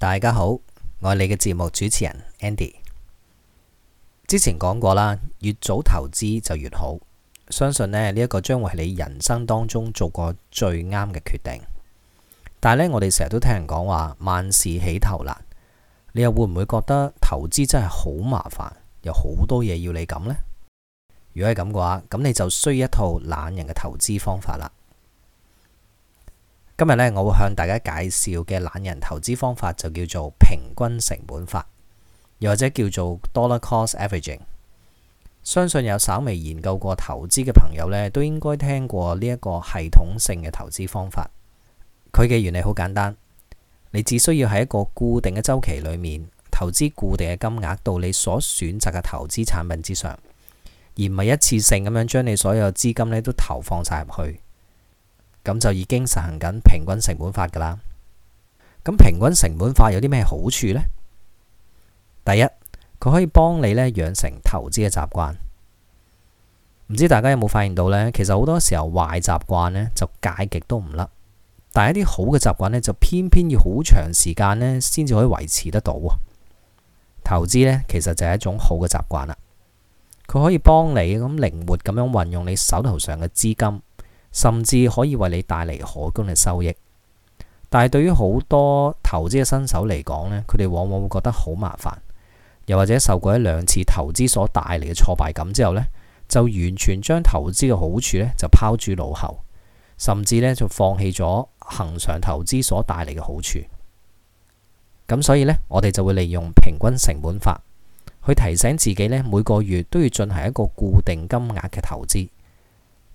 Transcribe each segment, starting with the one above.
大家好，我係你嘅節目主持人 Andy，之前講過啦，越早投資就越好，相信呢呢一個將會係你人生當中做過最啱嘅決定。但係呢，我哋成日都聽人講話萬事起頭難，你又會唔會覺得投資真係好麻煩，有好多嘢要你咁呢？如果係咁嘅話，咁你就需要一套懶人嘅投資方法啦。今日咧，我會向大家介紹嘅懶人投資方法就叫做平均成本法，又或者叫做 dollar cost averaging。相信有稍微研究過投資嘅朋友咧，都應該聽過呢一個系統性嘅投資方法。佢嘅原理好簡單，你只需要喺一個固定嘅周期裏面，投資固定嘅金額到你所選擇嘅投資產品之上，而唔係一次性咁樣將你所有資金咧都投放晒入去。咁就已經實行緊平均成本法噶啦。咁平均成本法有啲咩好處呢？第一，佢可以幫你咧養成投資嘅習慣。唔知大家有冇發現到咧？其實好多時候壞習慣咧就戒極都唔甩，但係一啲好嘅習慣咧就偏偏要好長時間咧先至可以維持得到。投資咧其實就係一種好嘅習慣啦，佢可以幫你咁靈活咁樣運用你手頭上嘅資金。甚至可以為你帶嚟可觀嘅收益，但係對於好多投資嘅新手嚟講咧，佢哋往往會覺得好麻煩，又或者受過一兩次投資所帶嚟嘅挫敗感之後咧，就完全將投資嘅好處咧就拋諸腦後，甚至咧就放棄咗恒常投資所帶嚟嘅好處。咁所以咧，我哋就會利用平均成本法去提醒自己咧，每個月都要進行一個固定金額嘅投資。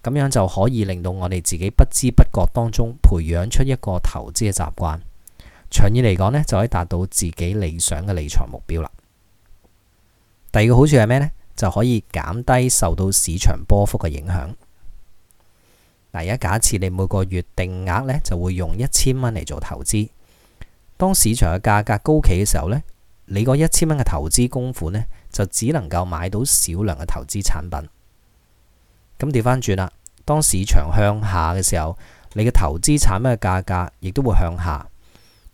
咁樣就可以令到我哋自己不知不覺當中培養出一個投資嘅習慣。長遠嚟講咧，就可以達到自己理想嘅理財目標啦。第二個好處係咩咧？就可以減低受到市場波幅嘅影響。嗱，而家假設你每個月定額咧，就會用一千蚊嚟做投資。當市場嘅價格高企嘅時候咧，你嗰一千蚊嘅投資供款咧，就只能夠買到少量嘅投資產品。咁調翻轉啦，當市場向下嘅時候，你嘅投資產品嘅價格亦都會向下。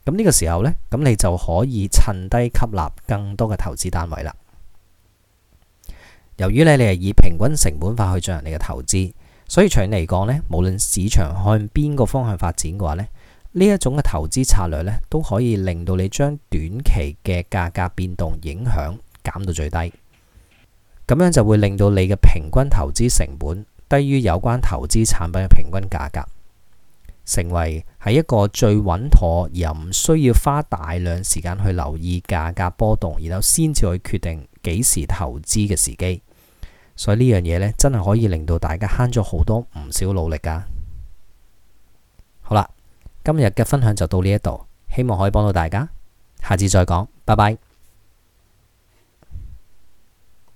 咁呢個時候呢，咁你就可以趁低吸納更多嘅投資單位啦。由於你你係以平均成本法去進行你嘅投資，所以長遠嚟講呢，無論市場向邊個方向發展嘅話呢，呢一種嘅投資策略呢，都可以令到你將短期嘅價格變動影響減到最低。咁樣就會令到你嘅平均投資成本低於有關投資產品嘅平均價格，成為係一個最穩妥又唔需要花大量時間去留意價格波動，然後先至去決定幾時投資嘅時機。所以呢樣嘢呢，真係可以令到大家慳咗好多唔少努力噶。好啦，今日嘅分享就到呢一度，希望可以幫到大家。下次再講，拜拜。